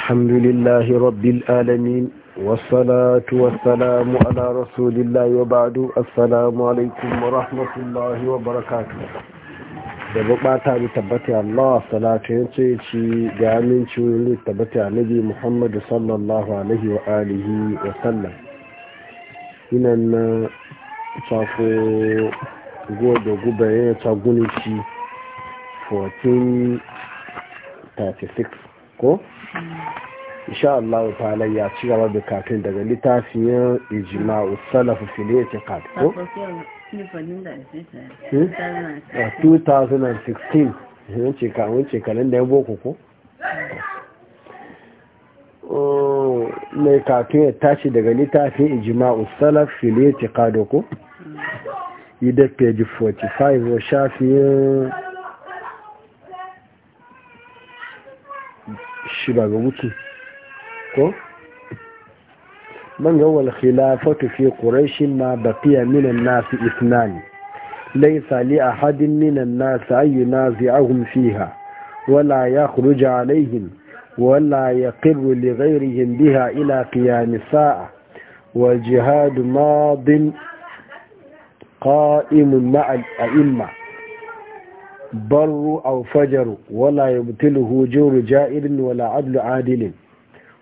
الحمد لله رب العالمين والصلاة والسلام على رسول الله وبعد السلام عليكم ورحمة الله وبركاته da bukata da tabbata Allah salatu ya ce ci ga aminci wurin tabbata annabi Muhammad sallallahu alaihi wa alihi wa sallam na godo guba ya ta 1436 ko insha Allah ta'ala ya ci gaba da kafin daga littafin ijma'u salafu fil i'tiqad ko 2016 hmm? yace ka wace kalanda ya boko ko oh, mai kafin ya tashi daga littafin ijma'u salaf fil i'tiqad ko idan page 45 wa shafiyin shi ba ga wuce ko man ga wal khilafatu fi quraish ma baqiya min an-nas ithnan laysa li ahadin min an-nas ay yunazi'uhum fiha wala yakhruju alayhim wala yaqirru li ghayrihim biha ila qiyam sa'a saah والجهاد ماض قائم مع بر أو فجر ولا يبتله جور جائر ولا عدل عادل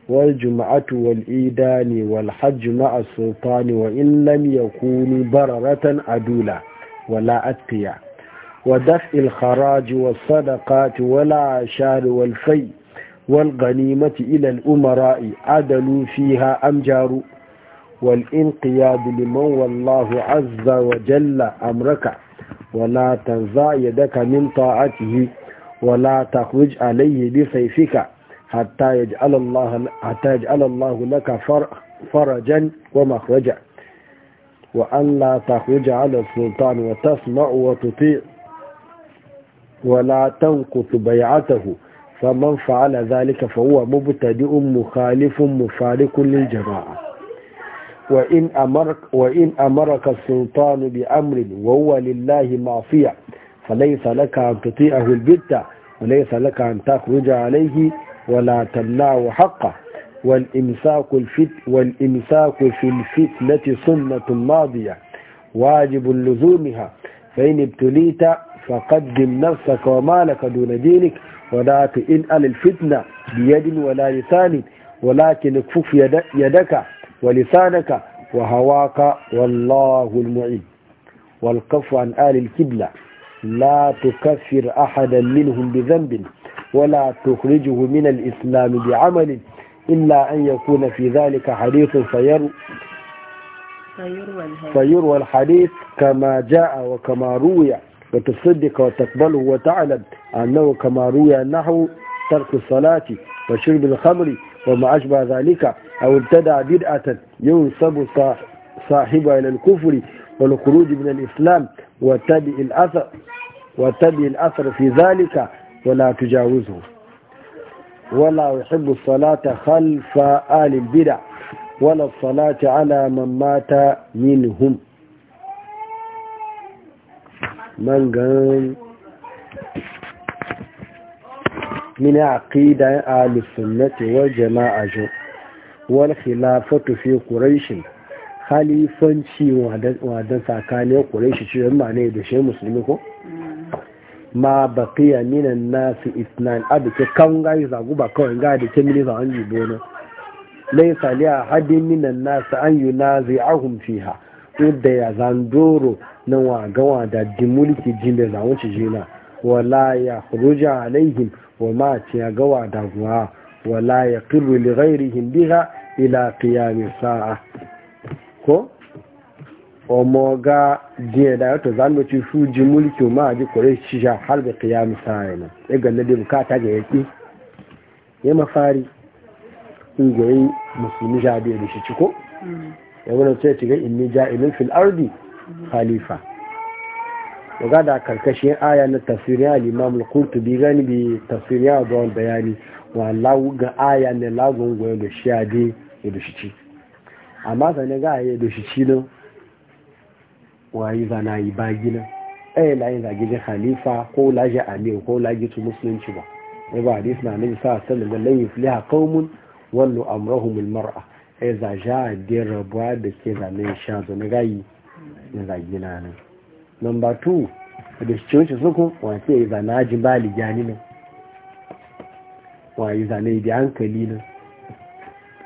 والجمعة والإيدان والحج مع السلطان وإن لم يكون بررة عدولا ولا أتقيا ودفع الخراج والصدقات ولا عشار والفي والغنيمة إلى الأمراء عدل فيها أم جار والانقياد لمن والله عز وجل أمرك ولا تنزع يدك من طاعته ولا تخرج عليه بسيفك حتى يجعل الله حتى يجعل الله لك فرجا ومخرجا وأن لا تخرج على السلطان وتسمع وتطيع ولا تنقص بيعته فمن فعل ذلك فهو مبتدئ مخالف مفارق للجماعه وإن أمرك, وإن أمرك السلطان بأمر وهو لله معصية فليس لك أن تطيعه البتة وليس لك أن تخرج عليه ولا تمنعه حقه والإمساك, الفت والإمساك في الفتنة سنة ماضية واجب لزومها فإن ابتليت فقدم نفسك ومالك دون دينك ولا تئن الفتنة بيد ولا لسان ولكن اكفف يدك ولسانك وهواك والله المعين والقف عن آل الكبلة لا تكفر أحدا منهم بذنب ولا تخرجه من الإسلام بعمل إلا أن يكون في ذلك حديث فير فيروى الحديث كما جاء وكما روي وتصدق وتقبله وتعلم أنه كما روي نحو ترك الصلاة وشرب الخمر وما أشبه ذلك أو ابتدع بدعة ينسب صاحبها إلى الكفر والخروج من الإسلام وتبع الأثر وتبع الأثر في ذلك ولا تجاوزه ولا يحب الصلاة خلف آل البدع ولا الصلاة على من مات منهم من قام من عقيدة أهل السنة والجماعة والخلافة في قريش khalifanci wadan tsakanin ƙureshi cikin mane da shi musulmi ko ma baqiya minan nasu isnan abu ke kan gai zagu kawai ga da ke an yi bono lai saliya hadin minan nasu an yi nazi ahun fiha wadda ya zandoro na wagawa da dimulki jimbe zawon cijina wala ya kuruja alaihim wa ma ci ya gawa da guwa wa la ya kirru li ghairihim biha ila qiyam sa'a ko o mo ga die da to zan mu ci mulki ma ji kore shi ja har da qiyam sa'a ne e ga ne da bukata ga yaki ya mafari ingoyi musulmi ja da shi ko ya wannan sai ci ga inni ja'ilun ardi khalifa da karkashin aya na tafsirin al'imam al-kurtubi gani bi tafsirin abuwan bayani wa lagu ga aya ne lagun goyon da shi ade ya da shi ci amma zane ga ya da shi ci nan wayi zana yi bagi nan ɗaya layin zagijin halifa ko laji amin ko laji su musulunci ba ya ba hadis na nabi sa sallu da layi filiha kaumun wallo amrahum mar'a ya zaja da da ke zane sha zane gayi na zagina nan Number two, da shi cewa suku wace ya zana aji bali gani nan. Wayi zane da hankali nan.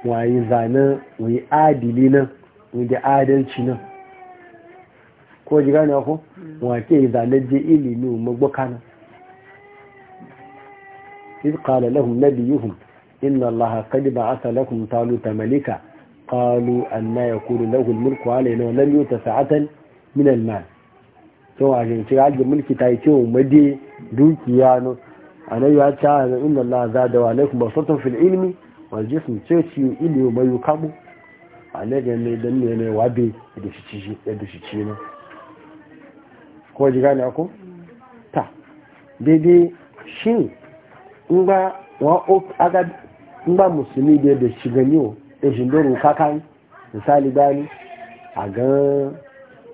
Wayi zane wani adili nan, wani da adalci nan. Ko ji gani ko? Mm. Wace ya zane je ilimi magbaka nan. إذ قال لهم نبيهم إن الله قد بعث لكم طالوت ملكا قالوا أن يكون له الملك علينا ولم يؤت سعة من المال sun wajen ci rage mulki ta yi ce wa made dukiya no annabi ya ce a inna Allah za da alaikum basatun fil ilmi wal jism ce ci ilmi mai yukamu annabi ne dan ne ne wabe da shi ci da shi ci ko ji gane ko ta daidai shi, in ba wa aga in ba musulmi da ya da gani o da shindoro kakan misali bani a gan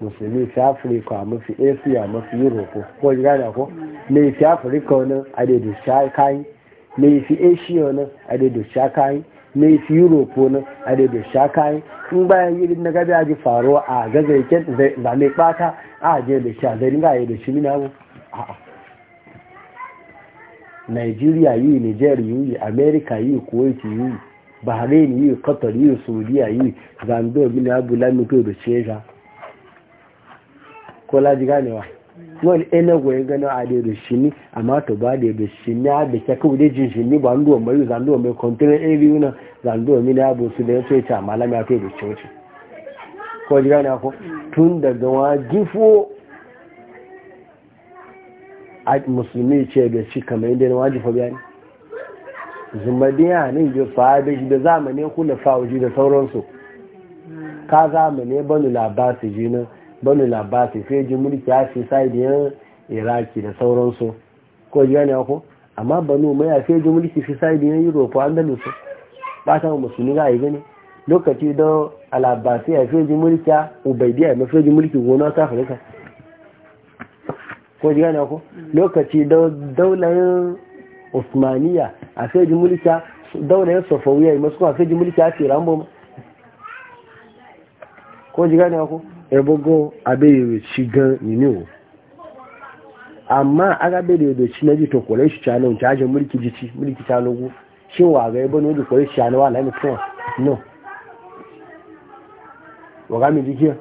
musulmi fi afirika mafi asia mafi europe ko ji gane ko mai fi afirka wani na efi asia wani adadu shakai mai fi europe wani adadu bayan yi na gabi aji faro a gazarken da mai bata a je da a zai ringa yi da shi mina mu a'a nigeria yi niger yi america yi kuwait yi bahrain yi qatar yi saudiya yi abu lamito da ko laji ganewa wani ina ya gano a da shi ni amma to ba da da shi ni a da kyakau da jin shi ni ba nduwa mai zanduwa mai kwantinan ɗin biyu na zanduwa mini abu su da ya ce ta malami a kai da ce ko ji gane tun daga wa gifo a musulmi ce da shi kamar yadda na wajifa biya ne ne bi fa da shi da zamani kula da sauransu ka banu labasi jinin banu labasi sai ji mulki ya fi sai da iraki da sauransu ko ji gane ko amma banu mai sai ji mulki fi sai da europe andalus ba ta musulmi ga yi gani lokaci da alabasi ya fi ji mulki ubaidiya ya fi ji mulki gona ta afirka ko ji gane ko lokaci da daular usmaniya a sai ji mulki daular safawiya masu kuma sai ji mulki a firambo ko ji gane ko ebogo abeyere shi gan nino amma aga bere da chi na jito kore shi cano ci ajin mulki jici mulki canogu shi wa ga ebo noji kore shi cano wala ni tuwa no waga mi jikiya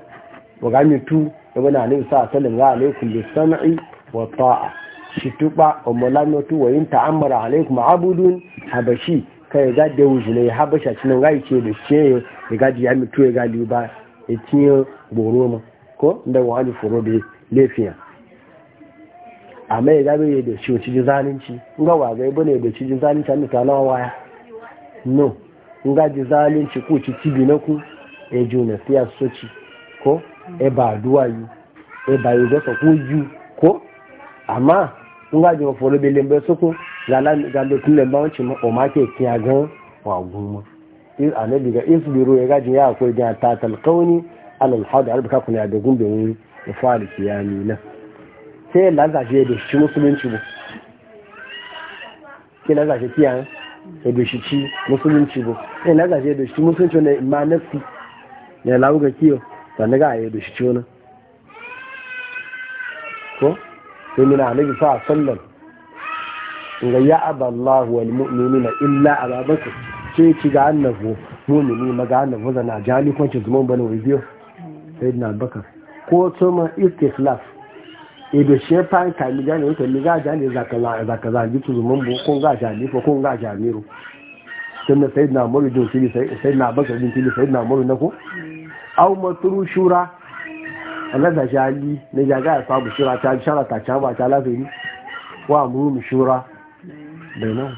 waga mi tu ebo na alayhi sa sallam ga alaikum bi sam'i wa ta'a shi tuba umulano tu wa in ta'ammara alaikum abudun habashi kai ga da wujine habasha cinan ga yake da shi ga ya mi tu ga liba etinye gboro ma ko da wani furo da lafiya ya gabe ya da shi wuce ji zalunci in ga waga ya bane da shi ji zalunci nawa no in ga ji ko ci cibi na ku e juna siya ko e ba duwa yi e ba yi gasa yi ko ga ji ma furo ma annabi ga isbiru ya gaji ya akwai da ta talqauni alal hadu arbaka kuna da gumbe wuri ya fara kiyami na sai lanza shi da shi musulunci bu ke lanza shi kiyan ya da shi ci musulunci bu sai lanza shi da shi musulunci ne ma nafsi ya lawo ga kiyo sannan ga ya da shi ci ko sai mina annabi sa sallan ga ya aballahu wal mu'minuna illa ababakar ce ki ga annabu mumini maga annabu zana jali kwanci zuman bane wai biyu sai na bakar ko tsoma istiflaf ido shi fa ka mi jani wato mi ga jani ka za zagi tu zuman bu kun ga jani ko kun ga jamiru tun da sayyidina umaru din sai na bakar din fili sayyidina muru na ko aw matru shura Allah da jali ne jaga ya sabu shura ta shara ta ta ba ta lafi wa mu shura bai nan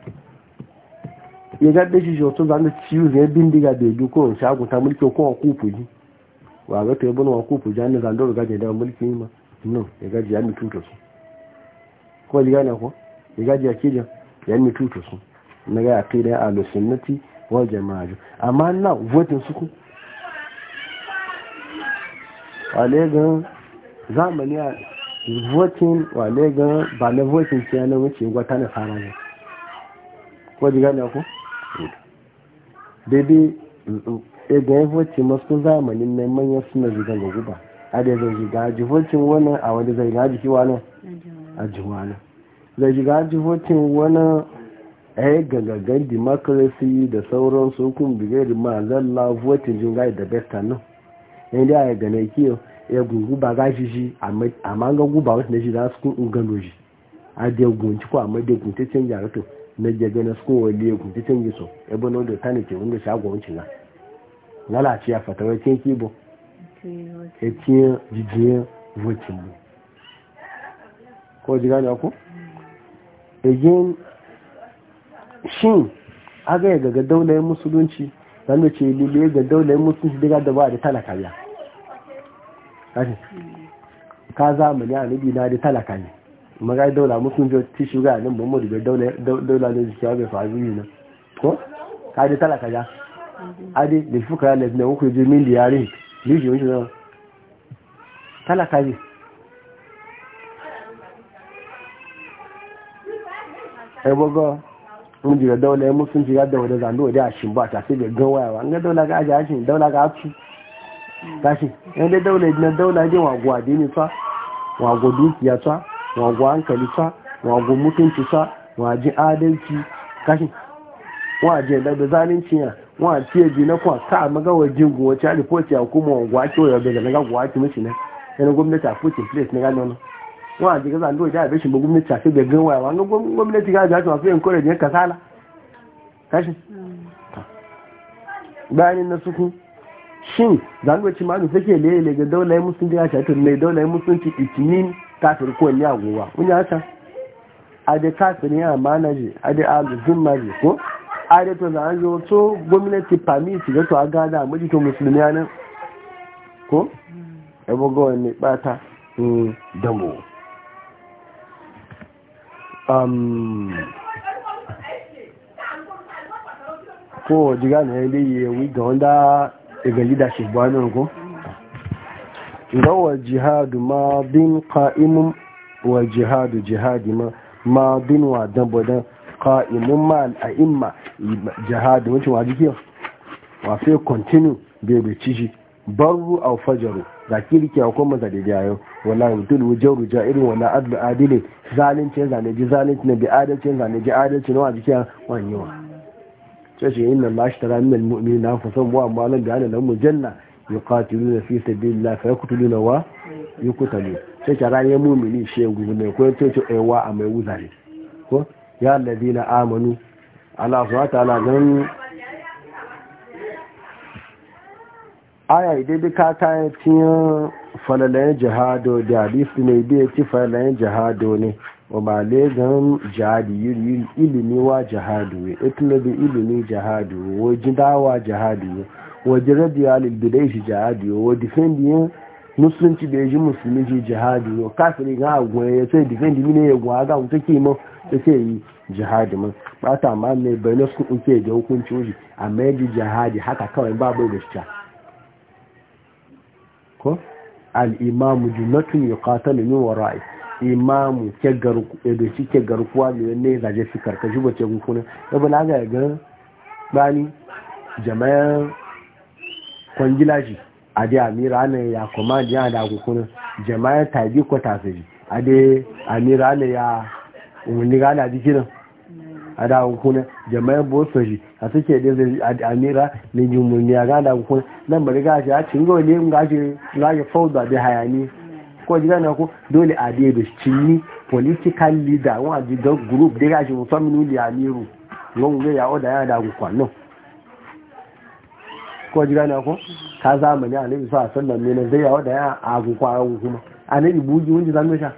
ya gaɗe shi shotun zan ciwo zai bindiga bai bi ko shagun ta mulki ko wa kupu ji wa ga ta yabon wa kupu ji an zan dora gaje da mulki ma no ya gaje ya mi tuto su ko ji gane ko ya gaje ya kijin ya mi tuto su na ga ya kai da alu sunnati wal jama'a amma na votin su ku wale gan zamani a votin wale gan ba na votin ciyana wuce gwata na fara ne ko ji gane ko bebe eh, ga yawanci masu zamanin nan manya suna zuga ga guba a da zai ziga jihocin wani a wani zai ga jiki wani a jiwani zai ziga jihocin eh, wani a yi gagagen democracy da sauran sukun bigar ma zalla votin jin gai da besta nan yan da ya gane kiyo ya guguba ga shi shi amma ga guba wasu na shi za su kun ungano shi a da gunci ko amma da gunci canja rato na jaga na suko wali ku ti tangi so e bono do tani ke wanda shago wancin na lalace ya fata wa kin kibo e kin jijiya vocin mu ko jiga ne ku ejin shin aga ya gaga daular musulunci wanda ce liliye ga daular musulunci daga da ba da talaka ya ka zamani a nabi na da talaka ne magai daula musun jo ti shuga nan mun mudu daula daula ne shi ya bai faru yi ko ka ji talaka ya ade da fuka ya lafi na ji min da yare ni ji wuce nan talaka ji ai bogo mun ji daula ya musun ji da wanda zando da shin ba ta sai da gawayawa an ga daula ga aji ashin daula ga afi kashi yan daula ne daula wa gwa dini fa gudu dukiya ta wago hankali sa wago mutunci sa waje adalci kashi waje da da zalunci ya wa ce ji na kwa ka maga wajin guwa ta report ya kuma wago ake wa daga naga guwa ake mishi ne yana gwamnati a put in place ne ga nono wa ji gaza ndo da bishin gwamnati a sai da gan waya na gwamnati ga ga ta sai encourage ne kasala kashi bayanin na suku shin zan zanwaci ma da suke lele ga daular musulunci ya shafi mai daular musulunci itinin kafiri ko ne agowa wani haka a da kafiri ya mana ji a da aluzin maji ko a da to za a zo to gwamnati fami su ga to a gada a majito musulmi nan ko ya buga wani bata damo ko jiga na ya yi ga wanda daga lida shi buwanin ko rawa jihadu ma bin ka'imun wa jihadu jihadi ma bin wa dambadan ka'imun ma al'a'imma jihadu wancin wa jikiyar wa sai continue bebe ciji barru au fajaru da kirki a kuma zade da yayo wala yutul wujaru ja'irin wala adlu adile zalunci zane ji zalunci na bi adalci zane ji adalci na wa jikiya wanyewa sai ce yin ma shi tara min mu'minin na fasan wa amalan bi ana mu janna yuqatiluna fi sabilillah fa yaqtuluna wa yuqtalu sai kara ne mu'mini shegu ne ko to to aiwa a mai wuzare ko ya alladhina amanu ala subhanahu ala gan aya idan bi ka ta tin falalayen jihado da hadisi ne bi ci falalayen jihado ne wa ma le gan jihadi ilimi wa jihadu itlabi ilimi jihadu wa jidawa jihadu waje radiyo alibidai shi jihadi wa difendi yin musulunci da ya ji musulmi ji jihadi wa kafiri ga agwai ya sai difendi mine ya gwa ga wuta ke ma ta ke yi jihadi ma ba ta ma mai bayanar sun uke da hukunci wuri amma ya ji jihadi haka kawai ba bai gaskiya ko al'imamu ya min wara'i imamu e da shi ke garkuwa da yanne zaje shi bace ya bala ga ga bani jama'an kwangila shi a da amira ana ya kuma da ya da kukunan jama'ar tabi ko tasiri a da amira na ya wani gana jikinan a da kukunan jama'ar boso shi a suke da zai amira ne yi umarni a gana kukunan nan bari gashi a cin gawa ne gashi gashi fauda da hayani ko ji na ko dole a da da shi ni political leader wani group da gashi musamman ne amiru wani ya oda ya da kukunan ko ji gane ko ka zamani annabi sa sallam ne zai yawa da ya agu kwara kuma annabi buji wunji zan misha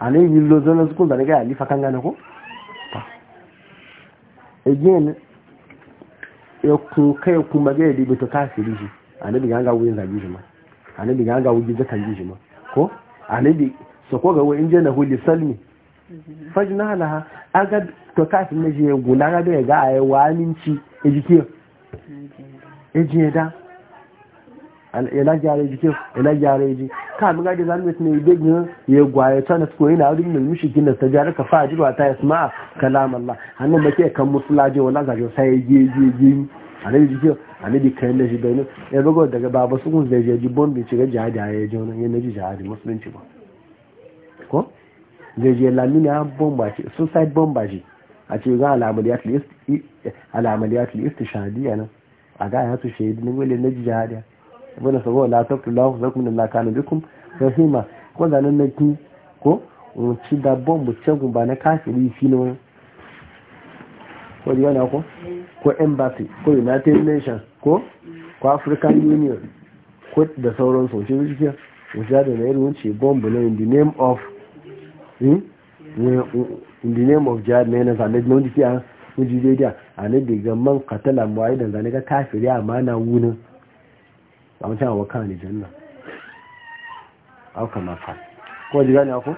annabi lo zan su kun da ga alifa kan gane ko again ya ku kai kuma ga yadda bito kafiri shi annabi ga ga wuyin zagi shi ma annabi ga ga wuyin zakan ji shi ma ko annabi so ko ga wuyin jana huli salmi fajna laha agad to kafin na je gulaga da ga ayi waminci ejike eji da ilagyare ji ke ilagyare ji ka mi gadi zan mutu ne bigin ya gwaye ta na suko yana wurin mulmushi gina ta jara ka fa jirwa ta yasma kalam Allah hannun make kan musu musulaje wala ga jo sai yi yi ji ale ji ke ale di kan da shi da ne ya bago daga babu su kun zai je ji bombi ci ga jihadi ya je wannan yana ji jihadi musulunci ba ko zai je lamina bomba ci suicide bomba ci a ce ga al'amaliyatul istishadiyya nan a ga ya su shaidu ne wale na jihadiya wani sabo la sabtu la ku zakum la kana bikum rahima ko zanen na ki ko mun ci da bombu cegun ba na kafiri fi ne wani ko di wani ko ko embassy ko united nations ko ko african union ko da sauran su shi shi wuja da na irin ce bombu na in the name of hmm? in the name of jihad ne na zanen na wani wuji dai da annabi ga man qatala mu'ayyidan zane ga kafiri amma na wunin a mutane wa kan janna aka mafa ko ji gani ako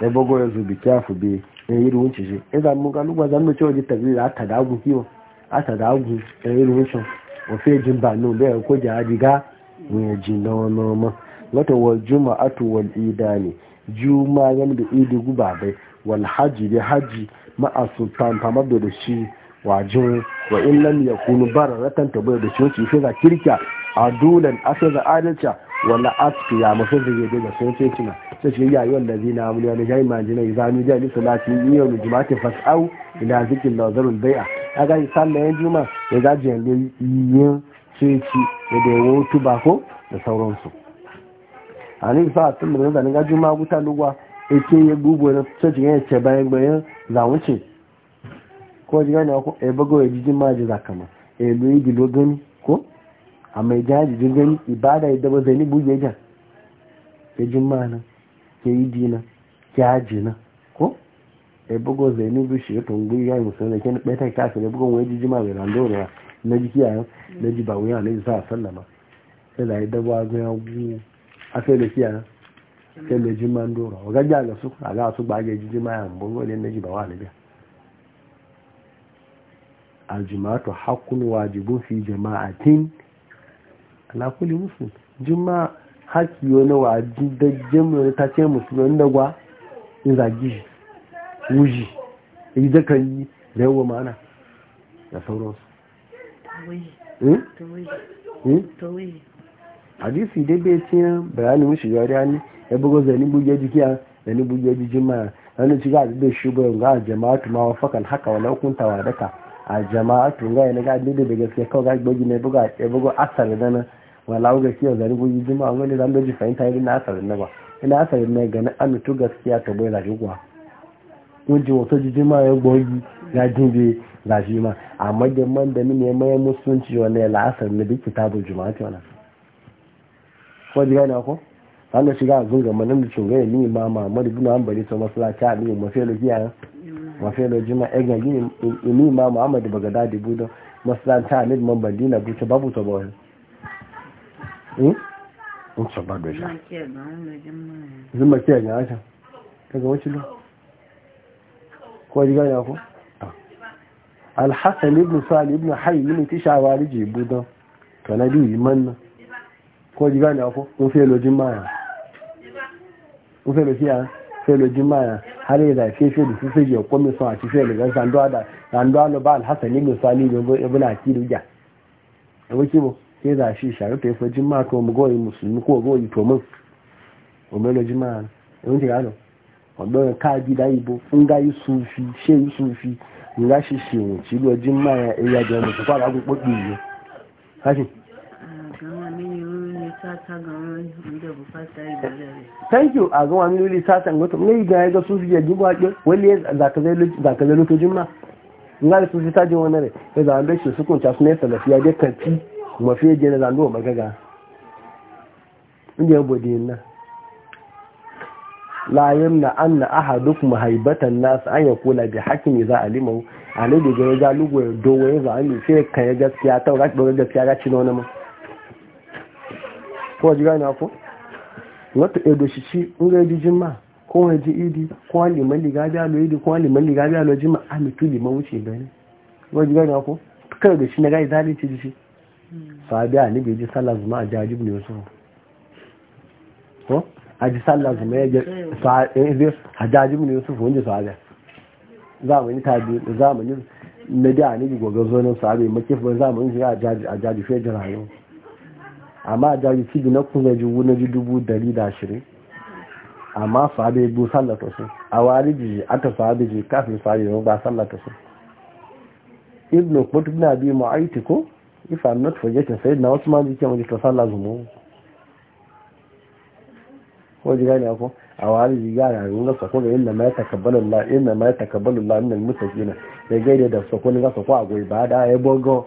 da bago ya kyafu bi ya yi ruwan ci idan mun ga lugwa zan mace waje tabi da ta dagu kiwo a ta dagu yi o fe jin ba nun bai ko jihadi ga mun ya jin na wani ma wata wa juma'atu wal idani juma'a yan da idi guba bai wal haji da haji ma'a sultan da shi wajin wa ya kunu bara bararatan tabar da shi shi ga kirkiya adulan asaza adalca wala aski ya mafi zai daga sun sai cina sai shi yayi wanda zai na amuli wani jami'a majina ya zanu jami salati iya mu ta fas'au ila zikin lazarun bai'a a ga sallah yan juma ya gaji yanzu yin sai ci da wutu ba ko da sauransu a ne sa tun da ganin ga ma guta lugwa ake ya gugu na cikin ya ce bayan bayan zawuce ko ji gane ko e bago ya e jijin ma ji zakama e lo yi e gilo gani ko a mai ja jijin gani ibada ya daba zani buge ja ke jin ma nan ke yi dina ke haji na ko e bago zani bu shi e to ngi ya musu da ken beta ka sai bago wai jijin ma ga rando ne na ji kiya na ji ba wuya ne sa sallama sai da ya daba ga ya gu a sai da kiya sai jima jin man dora wa gajja ga su a ga su gbage jiji jima ya bungo ne neji ba wa wani biya aljimatu haqqun wajibun fi jama'atin ala kulli muslim jima haki wa waji da jami'ar ta ce musulmi da gwa in zagi wuji yi da kan yi da yawa mana da sauransu hadisi dai bai ce bayanin mishi yariya ne ya bugo zani buge jikiya zani buge jijima wani ci ga da shugo a jama'atu ma wafakan haka wala kunta wadaka a jama'atu ga yana ga dide da gaske kawai ga gbogi ne buga ya bugo asar da na wala ga kiyo zani buge jijima wani zan doji fahimta irin na asar na ba ina asar na ga na amitu gaskiya to bai zaji kuwa kun ji wato jijima ya gbogi ga dinbe zaji ma amma da man da mini mai musulunci wannan la'asar ne bi kitabul juma'a wannan ko ji gane ko Allah shiga a zunga manin da cungaye ni ma ma mari guna an bari ta masallaci a ɗin mafelo giya mafelo jima ɗan gani ni ma Muhammad baga dadi budan masallaci a ɗin man bandina buce babu ta bawa in ce ba da hmm? shi zuma ke ga haka kaga wacce lo ko ji gani ko ah. alhassan ibn sali ibn hayy min tishawari jibudan to na biyu manna ko ji gani ko kun felo jima ya ó fẹ́ lọ sí à fẹ́ har zafe shi da su sai ya kome sun a ci shi daga zanduwa da zanduwa na ba da wake sai za shi shari ta jima ko mu goyi musulmi ko goyi to o lo jima ga ka da ga yi sufi yi sufi ga shi shi lo jima ya thank you a zuwa nuli satan goto ne ga ga sufi ya duba ake wani ya zaka zai zaka zai lokacin ma nga da sufi ta je wani ne ya zan da shi su kun ta ne salafi ya dai kanti mafi ya je na zan magaga inda ya bodi na la yamna anna ahadukum haibatan nas an yakula bi hakim idza alimu ale da ga ya ga lugo dogo ya zan mi sai ya gaskiya ta ga gaskiya ga cinona wani ma ko gani gane ko wata edo shi ci in di jima ko ji idi ko liman liga biya lo idi ko liman liga biya lo jima a mitu liman wuce gani ko gani gane ko da shi na gai zalunci ci shi sahabi a ni bai ji sallah zuma a jaji ne wasu ko a ji sallah zuma ya ji sahabi a jaji ne wasu wanda sahabi zamani bi zamani na da ni gogazo nan sahabi makifin zamani shi a jaji fiye da rayuwa amma da yi fiji na kuma ji wuna ji dubu dari da ashirin amma fabe bu sallata su a wari ji ata fabe ji kafin fabe yau ba sallata su ibn kutub na bi mu'aiti ko if i'm not forgetting sai na wasu man jikin wajen ta zumu ko ji gani ako a wari ji ya yi na sako da inda mai takabbalin takabbalu la inna ma ya takabbalu la min al-muttaqina da gaida da sako ne ga sako a goyi ba da ya bogo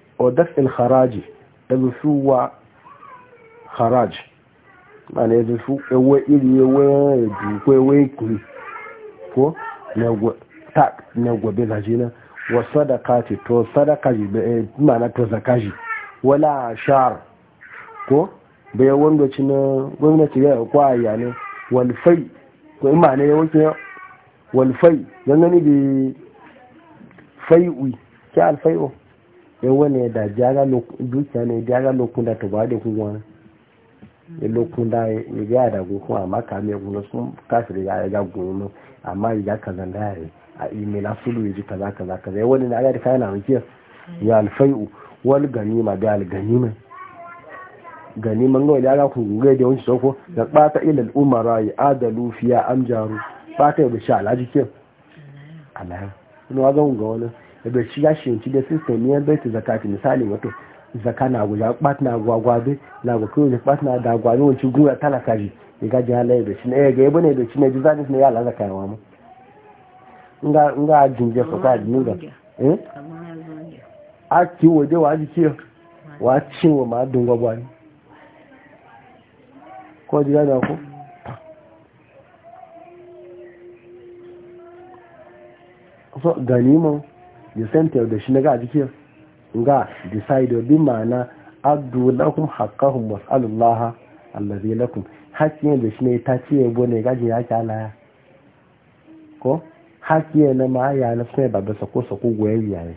wa daf'il haraji da rufuwa haraj mana ya rufu ewe iri ewe ejuku ewe ikuri ko na gobe zaji na wa sadaka ce to sadaka ji eh, mana to zaka ji wala shar ko bai wanda ci na gwamnati ya yi ya ne walfai ko ima ne ya wuce walfai don gani bi fai'u ke alfai'u yan wani da dukiya ne jara lokun da tuba da kuma wani ya lokun da ya gaya da gokun amma kame guna sun kasu ya ya ga gona amma ya ga kazan da ya a imela sulu ya ji kaza kaza kaza ya wani na aga da kayan hankiyar ya alfai'u wani ganima da alganima ganiman gawa da aga kun gure da wani soko da ɓata ilal umara ya adalu fiya amjaru ɓata ya bisha alhaji kiyar alayan wani wazan ga wani daga shi ya shinci da sistem ya bai zakati misali wato zaka na guja bat na gwagwabe na ga kuma bat na da gwagwabe wancin gura talaka ji ya gaji halaye da shi na ga yabo ne da shi na ji zanis na ya alaza kayawa mu nga nga jinje ko ka jinga eh a ki waje wa ji ki wa ci wa ma dungwa bwani ko ji da ko so ganimo. da center da shi na ga jikin ga decide bi ma'ana addu lakum haqqahum was'alullaha allazi lakum hakkin da shi ne ta ce yabo ne gaji ya ki alaya ko hakkin na ma ya na sai babba sako sako goyen yayi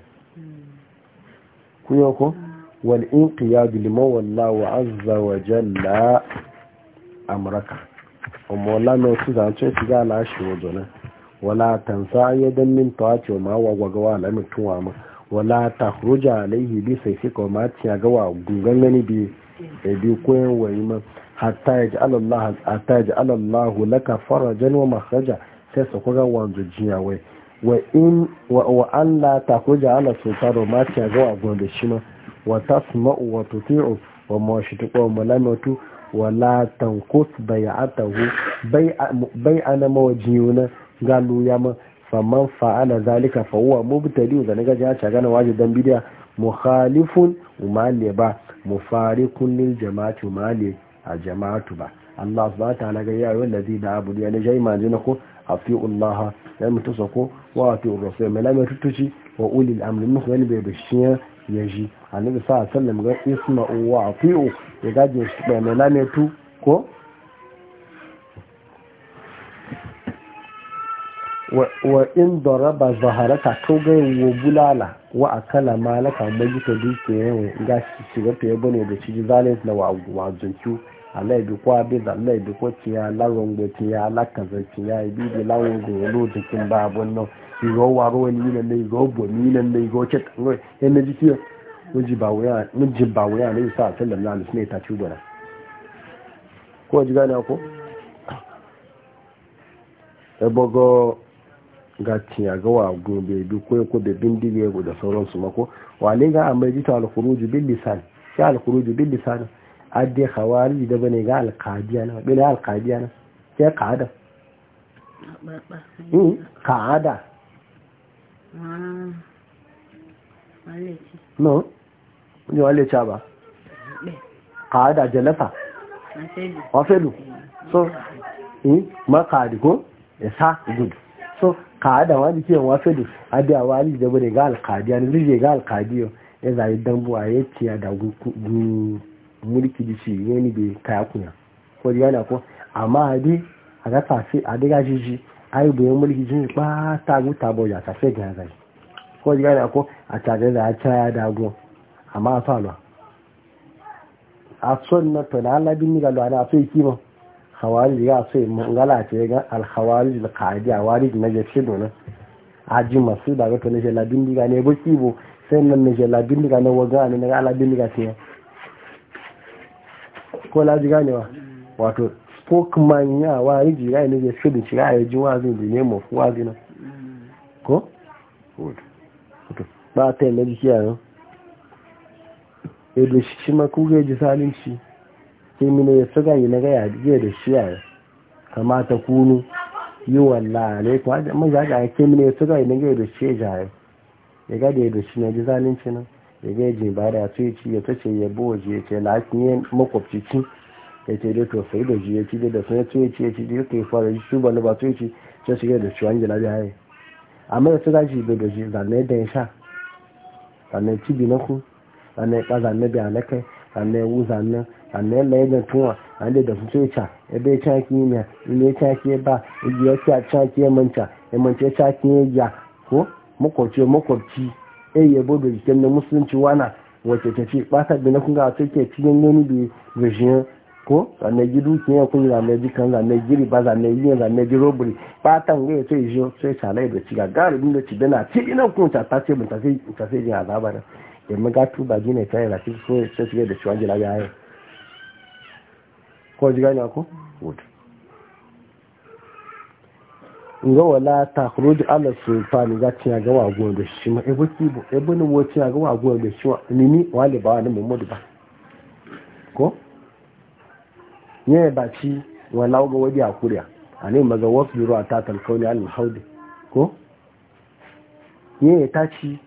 kuyo ko wal inqiyad liman wallahu azza wa jalla amraka amma lana su zance su ga na shi wajen wala tansa dan min tawace ma wa gwagawa la mutuwa ma wala ruja alaihi bi sayfika ma ga wa gungan gani bi e bi koyan wayi ma hatta ji Allah hatta ji Allah laka farajan wa makhraja sai su kuga wanzu jiya wai wa in wa alla takhruja ala sultano ma ga wa gungan shi ma wa tasma'u wa tuti'u wa ma shi tuqwa malamatu wala tanqut bai'atahu bai'a bai'ana mawjiyuna galu ya ma famman fa'ala zalika fa huwa mubtadi da naga ja ta gana dan bidiya mukhalifun umali ba mufarikun lil jama'atu mali a jama'atu ba Allah subhanahu wa ta'ala ga yayi wallazi da abu ya ne jai majina ko afi'ullah ya mutu sako wa afi'ur rasul mai lamar tutuci wa ulil amri mun wani bai bishiya ya ji annabi sallallahu alaihi wasallam ga isma'u wa afi'u ya gaje shi mai lamar tu ko wa in daraba zaharaka to ga wo bulala wa akala malaka mai to duke yawo ga shi shiga to ya bane da shi na wa wa junki ala bi kwa bi da Allah bi ko ci ya lawon go ci ya laka za ci ya bi bi go lo kin ba go wa go ni ne ne go bo ni sa ta ko ji na ko ga ya ga wa gobe bi ko ko da bindige go da sauransu mako wani ga amma jita al-khuruj bil lisan shi al-khuruj bil lisan adde khawari da bane ga al qadiyana na bil al-qadiya na sai qada mm qada no ni wale cha ba qada jalasa wafelu so hmm, ma qadi ko ya sa gudu so kada wani ke wafe da abi a wali da bude ga alkadiya an rije ga e za yi dambu a ya ciya da mulki da shi yani bai kaya kunya ko yana ko amma abi a ga tafi a daga jiji ai bu yan mulki jin ba ta guta bo ya tafi ga zai ko yana ko a tare da ya ciya da gu amma a falwa a son na to na labin ni ga lo ana so yi kima hawari ya so mangala ce ga alhawari da kaji a wari na ya ce dona aji masu da ga tone jela bindiga ne baki bo sai nan ne jela bindiga ne waga ne na ala bindiga ce ko la ji ganewa wato spokesman ya wari ji ga ne ya ce din ci ga ya ji wazin ne mu wazin ko ba ta ne ji ya no edo shi ma ku ga ji salinci sai mine ya suga yi na gaya jiya da shi yaya kamata kunu yi walla alaikum hajji mai zaga ya ke mini ya suga yi na gaya da shi ya ya gada da ya da shi na ji zalunci nan ya gaya ji ba da su ya ci ya tace ya bo waje ya ce lafi ne makwabci ci ya ce dai to sai da ji ya ci da sun ya ci ya ci ya ci da ya kai fara su ba ba su ya ci ya shiga da ciwon jila da haye amma ya suga shi da da shi zane da ya sha zane cibi na ku zane ka zane bi a na kai zane wu zane àmì la yadda tuwa a da da fito ta ebe ta ki ne ta ki ba ya ta ta manta ya manta ta ki ya ko makwabci makwabci eh ya bodo jikin na musulunci wana wace ta ce ba ta bina kun ga take cikin gani bi gajiyar ko zane ji dukiya kun zane ji kan zane ji riba zane yi zane ji robbery ba ta ngai sai ji sai sale da ci ga garibin da ci dana ci ina kun ta ta ce mun ta sai ta sai azaba da da maga tuba gine ta yi rafi da shi wajin la ko ji gani ku good ga wala ta takhruj ala sultan ga tiya ga wa gon da shi ma ki bu ebo ni wo tiya ga wa gon da shi ni ni wale ba ni muhammadu ba ko ne ba ci wala ga wadi akuriya ani maga wasu ruwa ta talkauni al haudi ko ne ta ci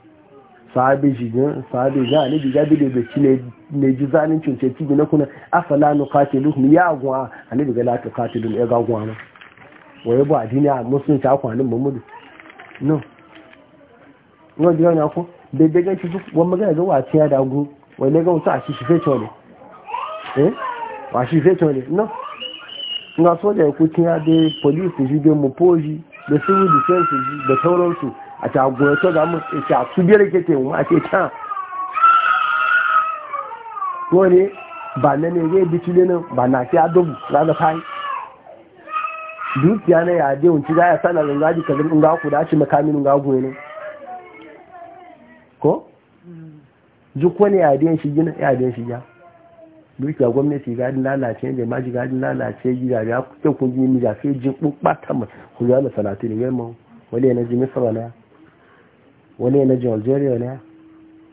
sahabe jigin sahabe ga ni biga bide da ci ne ne ji zalincin ce tibi na kuna afala nu katilu mu ya gwa annabi ga la tu katilu ya ga gwa waye ba dini a musulunci akwa nan mamudu no no ji wani akwa da daga shi duk wani magana ga da gu wai ne ga wasu a shi shife cewa eh wa shife cewa no na so da ya kucin ya da polisi shi da mupoji da civil defense da sauransu a tagoyato ga mu a su biyar ke te mu a ce can wani ba na ne zai bi cile nan ba na fi adobu za ga fayi dukiya na ya je wunci za ya sana da ji kazin in ga ku da shi makamin ga goye ne ko duk wani ya den shi gina ya den shi ya dukiya gwamnati gadin lalace ne ma ji gadin lalace gida ya kuke kun ji mi jafe jin kubbata mu ku ya na salatu ne mai mu wani na ji misra ne wani na ji algeria ne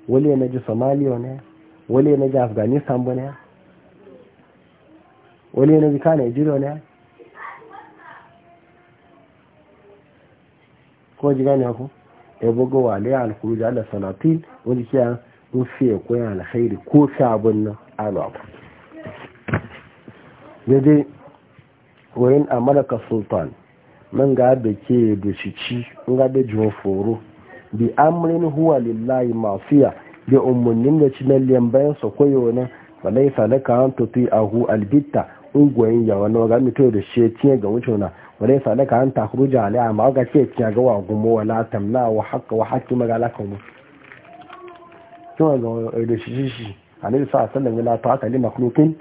wani na ji somalia ne wale na ji afghanistan ba na wale na ji ka nigeria na ko ji gane ku ya bugu wa alaiya alkuruji ala salatin wani kiyan in fiye koyan alkhairi ko sabon nan alwaku daidai wayin amurka sultan man ga da ke da shi ci in ga da jiwon bi amrin huwa lillahi mafiya bi umarnin da cinan lambayan sa koyo na balai salaka an tuti ahu albitta ungoyin ya wani waga mito da shi tiye ga wuce na balai salaka an takuruja alai amma waga ce tiya ga wa gumo wala tamna wa hakka wa hakki magala kan mu to ga da shi shi annabi sa sallan yana ta haka lima kulokin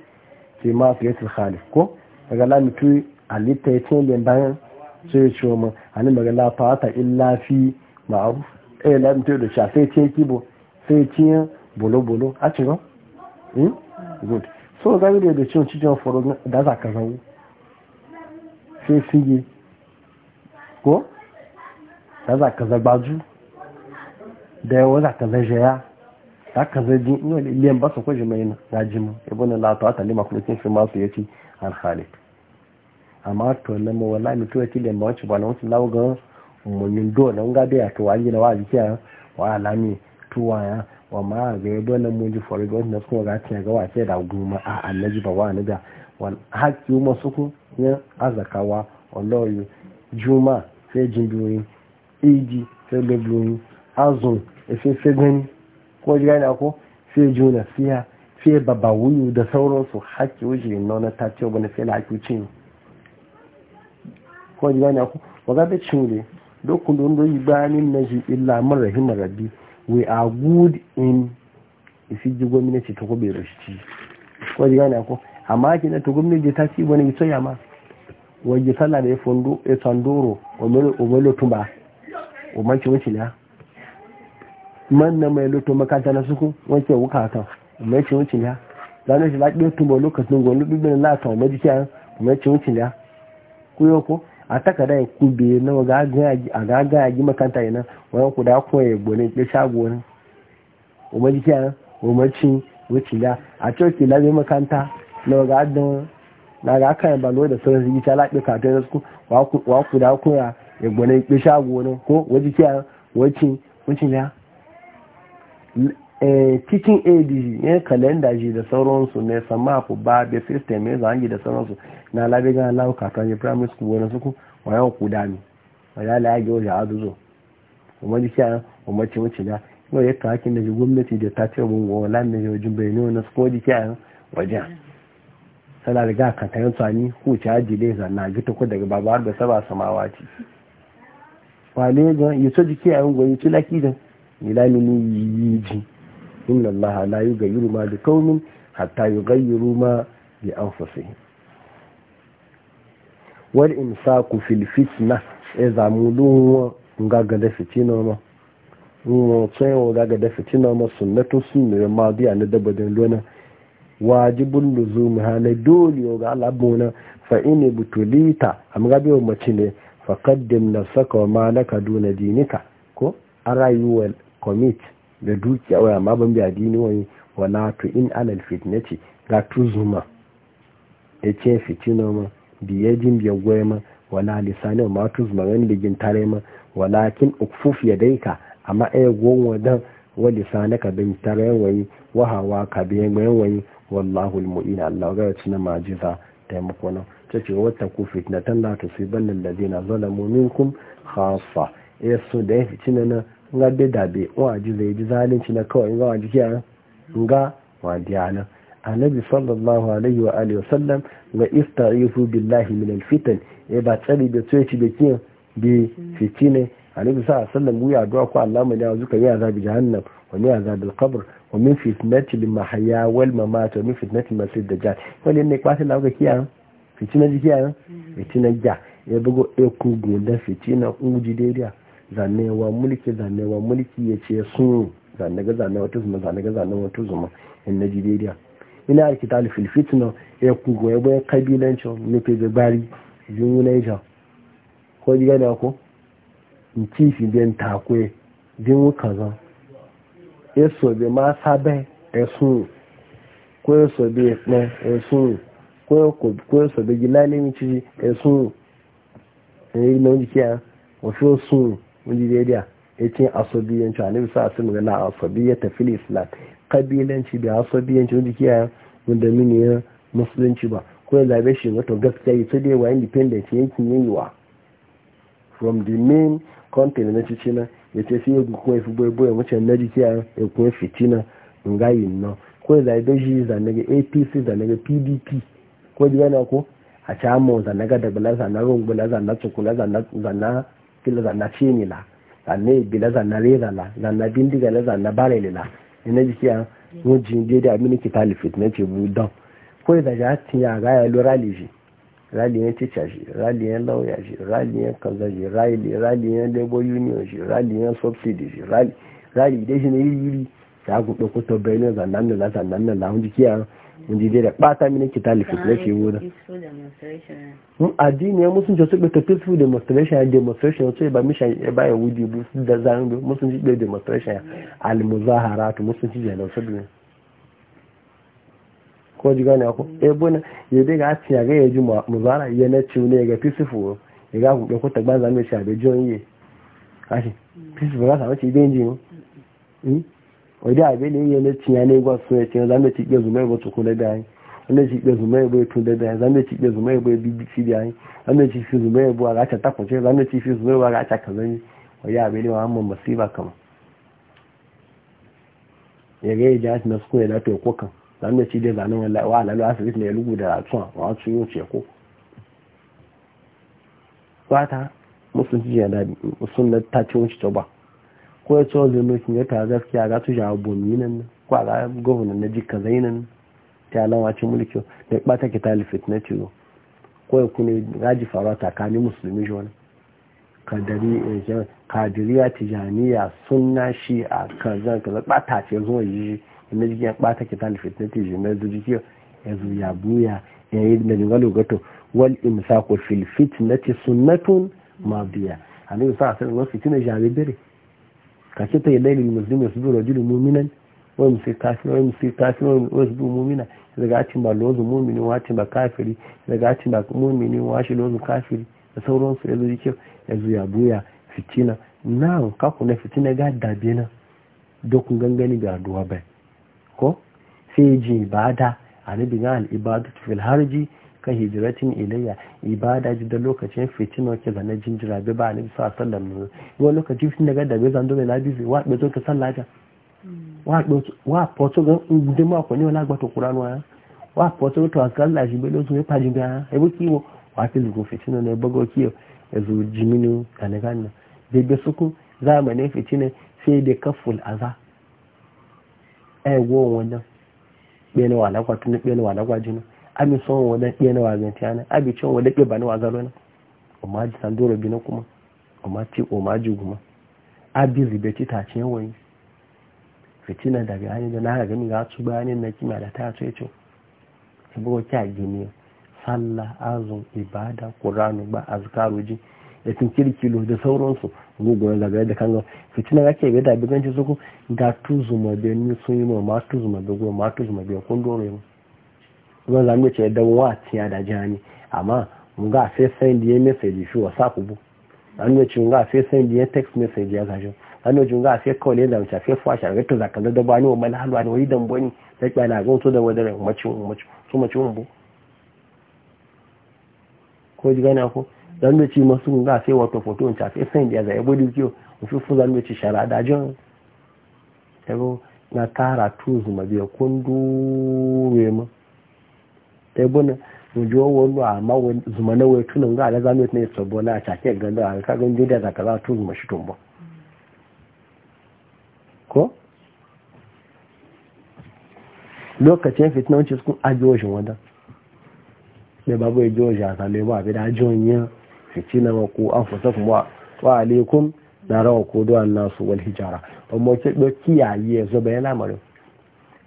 fi ma fi yatil khalif ko daga la mitu alita liyan bayan sai ce mu annabi magala ta illa fi ma'ruf eh la mitu da shafe tiye kibo sai ciye bolo-bolo a cikin hmm? good so zai da da cin cikin foro da za ka zau sai fiye ko da za ka zagbaju da yawa za ka zajaya za ka zaji ino liyan ba su kwaji mai na rajimu ibn lato a talima kuma cin fi masu ya ce alhali amma to na mawala mutu ya kiliyan ba wacce ba na wancan lawo ga munyin do na nga da ya wa yi na wa jikiya wa alami tuwa ya wa ma ga yabo nan mun ji fariga wanda suka ga cin ga wace da guma a annaji ba wa da wan hakki mu suku ya azakawa wallahi juma sai jindoyin idi sai lebloyin azun e sai sai gani ko ji gani ko sai juna siya sai baba wuyu da sauransu hakki wuce na ta ce wani sai cin ko ji ko wa ga cin ne dokun don do yi bayanin naji illa rahimar we are good in isi ifiji gwamnati ta kobe rashi ko ji gane ko amma ki na to je ta ci wani ito yama waje sala da fundo e sandoro o mele o mele tumba o ci wuce ya man na mai loto makanta na suku wace wuka ta o mai ci wuce ya dan ne shi la tumba lokacin gwamnati bin la ta o mai ci wuce ya ku yo ko a takada ya kube na a gaga ya makanta yana wani ku da kuma ya gbonin ke shago wani umarci kiya umarci wuce ya a coci labe makanta na waga adon na ga aka yamba da sauran yi ta laɓe katon da su wa ku da kuma ya gbonin ke shago wani ko waje kiya wuce wuce ya Eh, cikin adg yan kalenda ji da sauransu ne sama ku ba da system ya zangi da sauransu na labe ga lawo kakan ya primary school wani suku yau ku dami wala la ya ga adu zo kuma ji kya kuma ci muci da ko ya ka hakin da gwamnati da ta ce mun wala ne yau jin bai ne na ko ji kya wajen sana riga kan tayin tsani ku ci aji dai zanna ji ta ku daga baba da saba samawa ci ne ga yi so ji kya an goyi tulaki da milani ni yi ji inna allaha la yughayyiru ma bi qaumin hatta yughayyiru ma bi anfusihim wal imsaku fil fitna e zamulu ngaga da fitina ma mu tsayo gaga da fitina ma sunnatu sunna ma biya na dabadin lona wajibun luzum hale dole ga alabuna fa in butulita am gabe mace ne faqaddim nafsaka wa ma laka duna dinika ko a rayuwar commit da dukiya waya ma ban biya dini wani wala to in alal fitnati ga tuzuma ya ce fitina ma biye jin biye goye ma wala lisanin ma tuzuma wani ligin tare ma walakin ukfuf ya daika amma e gon wadan wa lisanaka bin tare wani wahawa ka biyan goyon wani wallahu almu'in Allah ga ya majiza taimako nan ta ce wata ku fitnatan la tusibanna alladhina zalamu minkum khassa eh so da fitina na nga de dabe wa ji zai ji zalunci na kawai nga wa ji kiyan nga wa diyana annabi sallallahu alaihi wa alihi wasallam ga istaifu billahi min alfitan e ba tsari da tsoci da kiyan bi fitine annabi sallallahu alaihi wasallam wuya addu'a ko Allah mai da zuka yi azabi jahannam wa ni azabil qabr wa min fitnati lil mahya wal mamat wa min fitnati masid dajjal wani ne kwati lawa kiyan fitina ji kiyan fitina ja ya e bugo e ku gundan fitina ku ji zanewa mulki zanewa mulki ya ce sun zanaga zane wata zuma zane ga zane wata zuma in na jideriya ina aiki talifin fitna ya kugo ya bayan kabilancin na da bari na naija ko ji gane ko in kifi biyan takwe bin wuka zan ya sobe ma sabe ya sun ko ya sobe ya tsan ya sun ko ya sobe gilalimin ciji ya sun ya yi na wani kiyan wasu sun wani ji daidai ya ce asobiyanci a nufi sa su magana asabiyyata fil islam kabilanci da asobiyanci wanda kiyaye wanda mini ya musulunci ba ko ya zabe shi wato gaskiya yi dai wa independent yankin yayiwa from the main country na cici na ya ce sai ya kuma fi boye boye mace na ji kiyaye ya kuma fiti na ngayi na ko ya zabe shi zanaga apc zanaga pdp ko ji gana ko a ci amma zanaga da bala zanaga ungula zanaga tsukula zanaga kila zanna chini la zanna bila zanna reza la zanna bindiga la zanna barele la ina jiki ya mujin ndiye a mini kita lifit na don kwa ko da ja ya ga ya lo rali shi rali ya teacher shi rali lao ya shi rali ya kanza shi rali rali ya lebo union shi rali ya subsidy shi rali rali dai shi ne yiri ta gudu ko to zana zanna la zanna la hunji kiya mun ji da bata mini ki talifi da shi wuri mun addini ya musun ce su ɓe peaceful demonstration ya demonstration sai ba mishan ya ba ya wudi bu su da zan bi musun ji ɓe demonstration al almuzahara to musun ji da su bi ko ji gane ko mm. e eh, bona ya dai ga ci ga ya ji muzara ya na ci ne ga peaceful ya ga ku ko tagban zan mai sha be join ye kashi mm. peaceful ga sa wace idan ji ne wadda abin da yi na cinya ne su ya ce zama ci ke zumai ba kula da yi wanda ci ke zumai ba tun da yi zama ci ke zumai ba bbc da yi fi ya ba racha takwace zama ci fi ya ba racha kazan wadda abin da wa hamman masiba kama ya ga ya lafiya kokan zama dai zanen wa alalu asibiti ne ya lugu da ratuwa wa su yi ko fata musulunci ya musulunci ta ce wuce ba ko ya cewa zai mulkin ya ta gaskiya ga tuja bomi nan ko ga gwamnan na jika nan ta yi lawacin mulki da ya ta kita lifit na ciro ko ya kune gaji faruwa takani musulmi eh, shi wani kadiriya tijaniya sunna shi a kazan kaza ba ta ce zuwa yi na jiki ya ta kita lifit na ciro na zuji kiyo ya ya buya ya yi da jingalo gato wal imsako na fitnati sunnatun mabiya a ne sa a sanin wasu fitina jami'ai kashe ta yi lailin musulmi su zuwa rajulun muminan wai musu kafin wai musu kafin wai su zuwa mumina daga acin ba lozu mumini wacin ba kafiri daga acin ba mumini washi lozu kafiri da sauransu ya zuji ya zuya buya fitina na kaku na fitina ga dabe na dokun gangani ga aduwa bai ko sai ji ibada a nabi na al'ibadu fil harji ka hijiratin ilayya ibada ji da lokacin fitina ke zane jinjira bi ba nabi sa sallam ne wa lokacin fin daga da bezan dole na bizi wa be zo ka sallaja wa be wa poto ga ngude ma ko ne wala gba to qur'an wa wa poto to akalla shi be lo so ya paji ga e bo kiwo wa ke lugo fitina ne e bago kiyo e zo jiminu kana kana da be suku zamanin fitina sai da kaful aza ai e wo wannan bene wa lagwa tun bene wa lagwa jinin ami son wa dan na wazan tiyana abi cin wa dake ba na wazan lona o ma ji kuma omaji ma ci o ji kuma abi ci ta cin wani fitina daga hanyar da na haka gami ga su bayanin na kima da ta ce ce sabo kya gini sallah azun ibada qur'anu ba azkaru ji da cin kirkilo da sauransu gugunan daga da kan fitina ga ke bada biganci su ku ga tuzuma biyu ni sun yi ma ma tuzuma da goma ma tuzuma da kun dore mu zan zama ce dan wa tiya da jani amma mun ga sai send ya message shi wa whatsapp bu an ne cin ga sai send ya text message ya gajo an ne cin ga sai call ya zama sai fa shi ga to zaka da bani wa mal halwa ne wai dan boni sai ba na gonto da wadare mace mace su mace bu ko ji gana ko dan ne ci masu mun ga sai wato photo in ta sai send ya zai bodi kiyo mu fi fuzan ne ci shara da jin kago na karatu zuma biya kun duwe mu ta bune mujo wallo amma zuma na wai tunan ga alaza mai tunan sabo na take ganda a ka gan da zaka za tun zuma shi tumbo ko lokacin fitina wancan sun ajiyo shi wanda da babu ya jiyo shi a sami ba bi da ajiyon yin fitina ma ko an fusa kuma wa alaikum na rawa ko duwan nasu wal hijara amma ke ɗauki yayi zuba zo bayan lamarin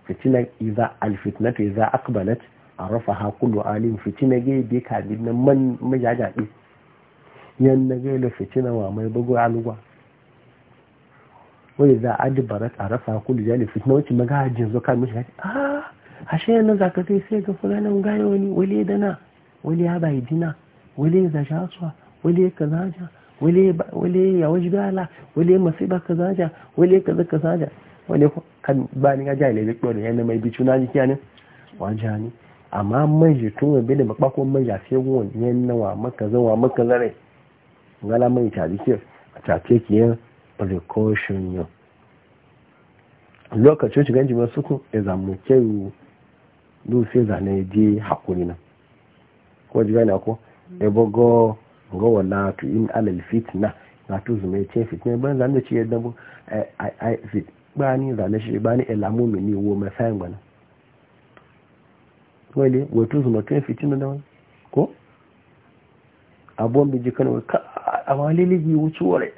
fitina iza alfitnatu iza akbalat a rafa hakulu alim fitina ga bi ka bi nan man majaja ɗi yan na ga la fitina wa mai bugu aluwa wai za a barat a rafa hakulu jali fitina wacce maga hajjin zo kan mishi a ah, ashe yana za ka kai sai ga fulanin gaya wani wale dana wale ya bai dina wale ya zasha suwa wale ya kazaja wale ya waje gala wale ya masiba kazaja wale ya kaza kazaja wale kan bani ga jahilai da kyau da yana mai bicu na jikiya ne wajani amma manji tun wabe da bakpako manja sai wani yan nawa maka zawa maka zare gala mai tari ke a tafe ki yan precaution yau lokacin shiga jima suku e zamu kyau lu sai zane je hakuri na ko jiga na ko ya bogo ngo wala tu in alal fitna na tu zume ce fitna ban zan da ci yadda bu eh, ai ai fit bani zane shi ni ilamu mini wo mafayin gwanin wale wato zuma tun fitin da wani ko abuwan biji kanu a wale ligi wuce wale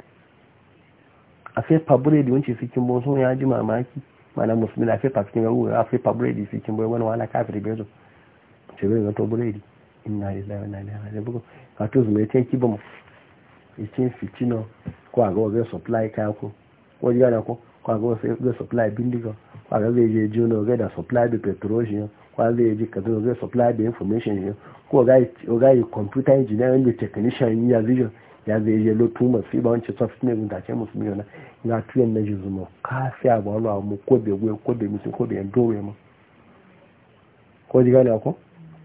a fai fabre da wancan fikin bon sun ya ji mamaki mana musulmi na fai fafikin ya wuri a fai fabre da fikin bai wani wala kafir bai zo ce bai zato buredi da lillahi wa inna ilaihi raji'un bugo wato zuma yace ki bamu yace fitina ko a ga wa supply kaya ko ko ji gana ko ko a ga wa supply bindiga ko a ga zai je jona ga da supply da petrol kwa zai ji ka zai supply da information shi ko ga yi computer engineering da technician ya zai ya zai yi lotu masu yi ba wancan soft ne da ke musu miliyona na tuyan na jizu ma kafi a ba wani abu ko da gwe ko da musu ko da yan dowe ma ko ji gane ko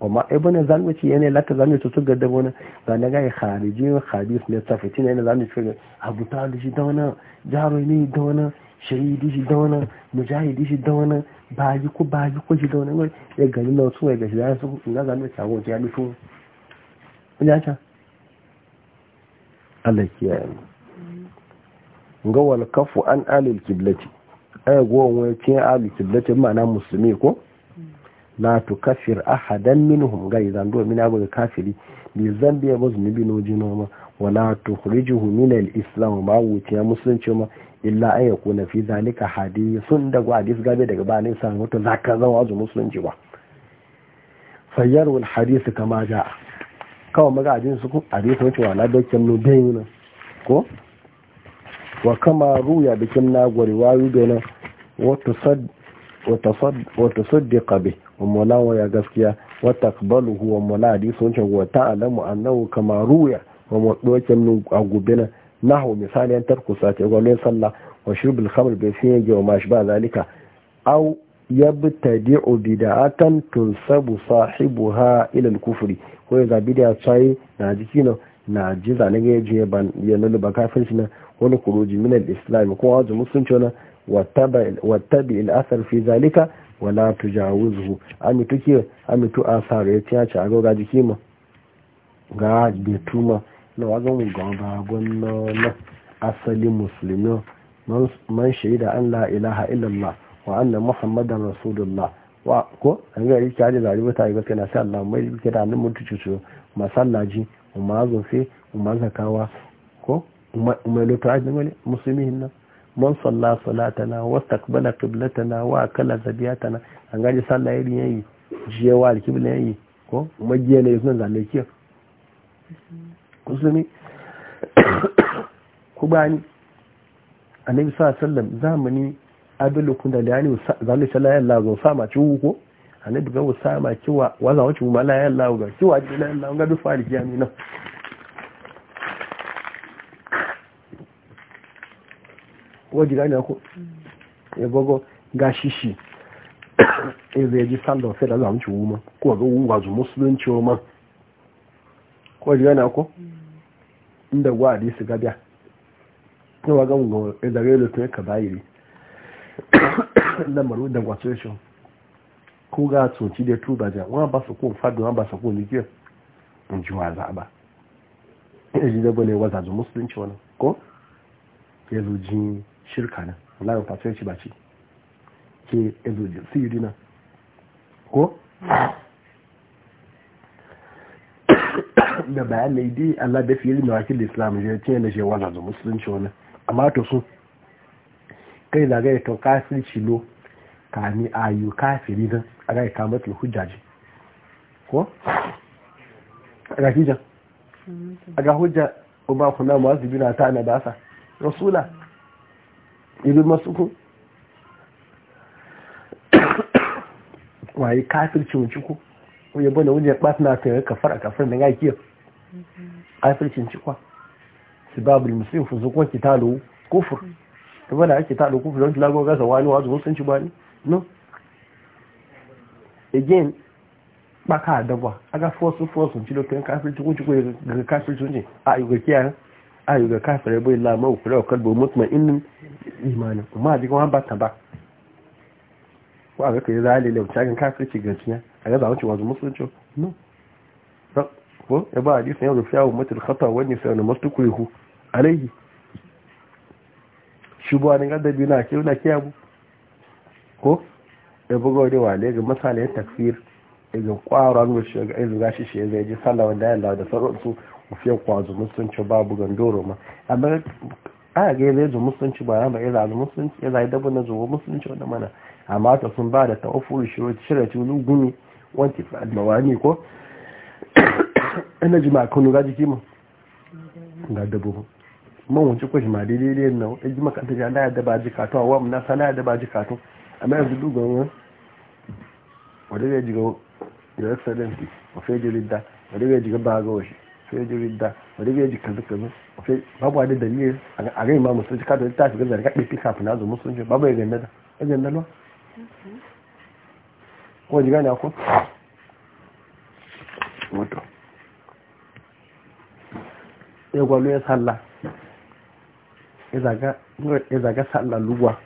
amma ebe ibn zanwaci yana lata zanwaci su ga dabo na ga na gai kharijin khabis ne safiti ne yana zanwaci ga abu ta talib shi da wannan jaro ne da wannan shahidi shi da wannan mujahidi shi da wannan Baji ko báyìí kó báyìí kó ṣe lọ́wọ́ nígbà ẹgbẹ̀ nínú ọtún ẹgbẹ̀ ṣe láyé sókùn lágbà ní ìṣàwọn òjì alẹ́ fún un ya ta Allah kiyaye yi? ga wal kafu an alil kiblati ay go won ce alil kiblati ma'ana musulmi ko Na la kafir ahadan minhum ga idan do min abu kafiri bi zambi ya bazu ni bi no jinoma wala tukhrijuhu min al islam ba wuce musulunci ma illa an yi kuna fi zalika hadisun da hadis gabe daga ba nisa samu za ka zama wazu musulunci ba fayyarul hadisu kama ja kawai maga ajin su hadisun cewa na dokin nan ko wa kama ruya bikin na wayu yube nan wata saddiqa kabe wa mulawa ya gaskiya wata kabalu huwa mula hadisun cewa ta alamu annawu kama ruya wa mu dokin a gobe nan nahu misali 'yan tarku sati gwamnin sallah wa shirbil khamr bai sai yage wa mashi ba zalika aw yabtadi'u bid'atan tunsabu sahibuha ila al-kufri ko ya zabi da tsayi na jiki na na ji zane ga yaje ya nuna ba kafin shi na wani kuruji min al-islam ko wazu musulunci na wattabi al-athar fi zalika wala tujawizhu amitu ki amitu asar ya tiya ci a ga jiki ma ga bituma na wagon wugan bagon na asali musulmi man shaida an la ilaha illallah wa anna muhammadan rasulullah wa ko an ga yake da zalibu ta yi gaskiya sai Allah mai yake da nan mutuci su masallaji umma zofe umma zakawa ko umma lutu ajin wani musulmi hinna man salla salatana wa takbala qiblatana wa akala zabiyatana an ga sallah irin yayi jiyewa alkibla yayi ko magiya ne sun zalike musulmi ku gani annabi sa sallam zamani abilu da liyani zalu sha layan lagu sa ci ko annabi ga wasa ma kiwa waza wacce ma layan lagu ga kiwa ji layan lagu ga dufa da kiyami nan wajen gani ko ya gogo ga shishi ya zai ji sallar sai da zamu ci wuma ko ga wuwa zu musulunci wuma kwaji yana ko inda gwa da su gabiya na waga mu ga zare da ka bayiri na maru da gwato shi ko ga tsoci da tuba ja wa ba su ko fadu wa ba su ko liki in ji wa za ba ji da bane musulunci wani ko ya zo ji shirka na Allah ya ba ci ke ya zo ji na ko da bayanai dai Allah da fiye da wakil Islam je ce na shewa zuwa musulunci wani amma to su kai da gai to ka lo a yi kafiri a gaya ka matul hujjaji ko A ga hujja a ga hujja ba kuna na ta na basa rasula masu masuku waye kafirci mu ciko ko yabo da wajen patna ta yi kafar da gaki yau kafircin cikwa sibabul muslim ki talo kufur ta bada ake talo kufur don tilago gasa wani wazo musulun ci bani no again baka adabwa aga fosu fosu ci lokacin kafir ci cikin ga kafir cikin a yi ga kiyaye a yi ga kafir bai lama ukura wa kalbo mutumai inin imanin kuma a jikin ba ta ba ko a ga kai zalile wuce agan kafir ci ganciya a ga zama ci wazo ci no ko ya ba hadisin yau rufiya wa mutul khata wani sai na mastu kuihu alaihi shi buwa ne gadda biyu na ke na ke abu ko ya buga wani wale ga masalayin takfir ga kwaron rushe ga izin gashi shi zai ji sallah wanda ya da su, sauransu fiye kwazo musulunci babu gandoro ma amma a ga zai zo musulunci ba ba ila zo musulunci ya zai dabu na zo musulunci wanda mana amma ta sun ba da ta'ofuru shiro shirya tulu gumi wanti mawani ko energy ma kunu ga jiki mu ga dabo mun ci ko ma daidai ne nan da jima kan ta jana ya daba jika to wa mun na sana ya daba jika to amma yanzu dugo ne wadai ya jiga your excellency o fe je lidda wadai ya jigo ba ga shi fe je lidda wadai ya jigo kaza kaza o fe babu da dalili e. a ga imamu sun ka da ta shiga da ka ɗin ka fina zo musulunci babu ya e ganna da ya e ganna lo ko jiga ne ko moto ya gwalo ya sallah, izaga sallah lugwa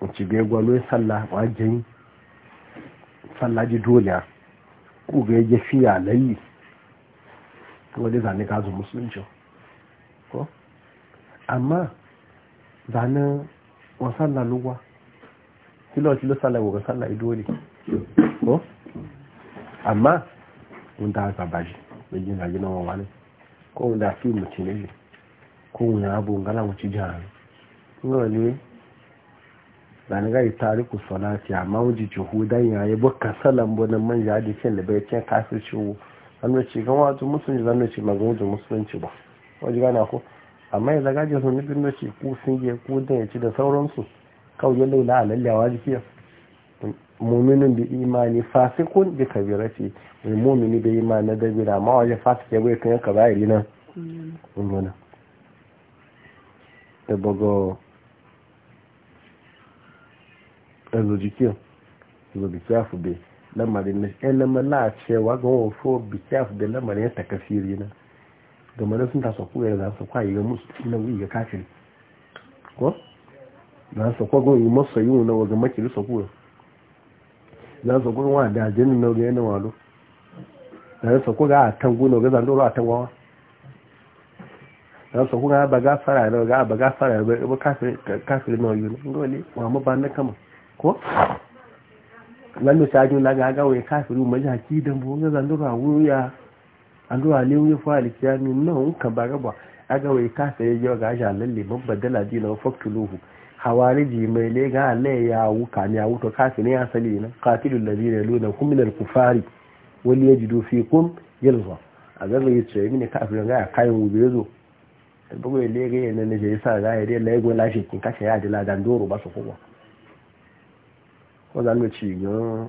wacce ga ya gwalo ya salla wajen salla ji dole ku ga ya fiya layi wani zane ka zo musulunci ko amma zane wa sallah lugwa kilo kilo salla wa salla idole ko amma mun ta haka baji da gina gina wa wani ko da fi mutum ne ko wani abu ngala mu ci jihar ngole na ni gari tariku salati amma wuji juhudan ya yi ka salam bu nan manja da ke da bai cin kasir ciwo zanu ci kan wato musulunci ma ci magungun musulunci ba wajen gana ko amma ya zagaje sun nufin da ku sun je ku da ya ci da sauransu kawai na muminin bi imani fasikun bi kabirati mai mumini bi imani na dabira ma wajen fasik ya bai kan yanka bayari nan ungona da bago bi ezojikiyafu bai lamarin na ɗan lamarin na cewa ga wofo bikiyafu bai lamarin ya takasiri nan game da sun tasa kuyar za su kwaye ga musu ina wuyi ga kafin ko za su kwagon yi masu yi na wajen makilisa kuyar zan so gurin wa da jinin na ga na walo zan so kuga a tangu na ga zan a tangawa zan so kuga ba ga fara na ga ba ga fara ba ba na yi ngole wa mu ba na kama ko lan mi sajin la ga ga wai kafiru ma ja ki dan bo ga zan doro a wuya an doro a lewu fa alkiyami nan kan ba ga ba aga we kafir ya ga ja lalle hawariji mai lega halle ya wuka ne ya wuto kafin ya asali na qatilul ladina yaluna kum min al-kufari wal yajidu fikum yalza a zama yi tsaye mini kafin ga ya kayan wube zo bugu ya lega ya nan ne ya sa ga ya dai laigo lashe kin kace ya dila ladan doro ba su kuma ko zan ci ga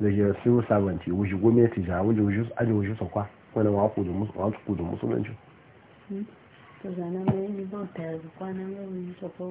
da ya su sabanti wuji gwamnati ja wuji wuji aje wuji sakwa wani wa ku da musulunci ku da musulunci to zanan ne ba ta kwana ne wuji sakwa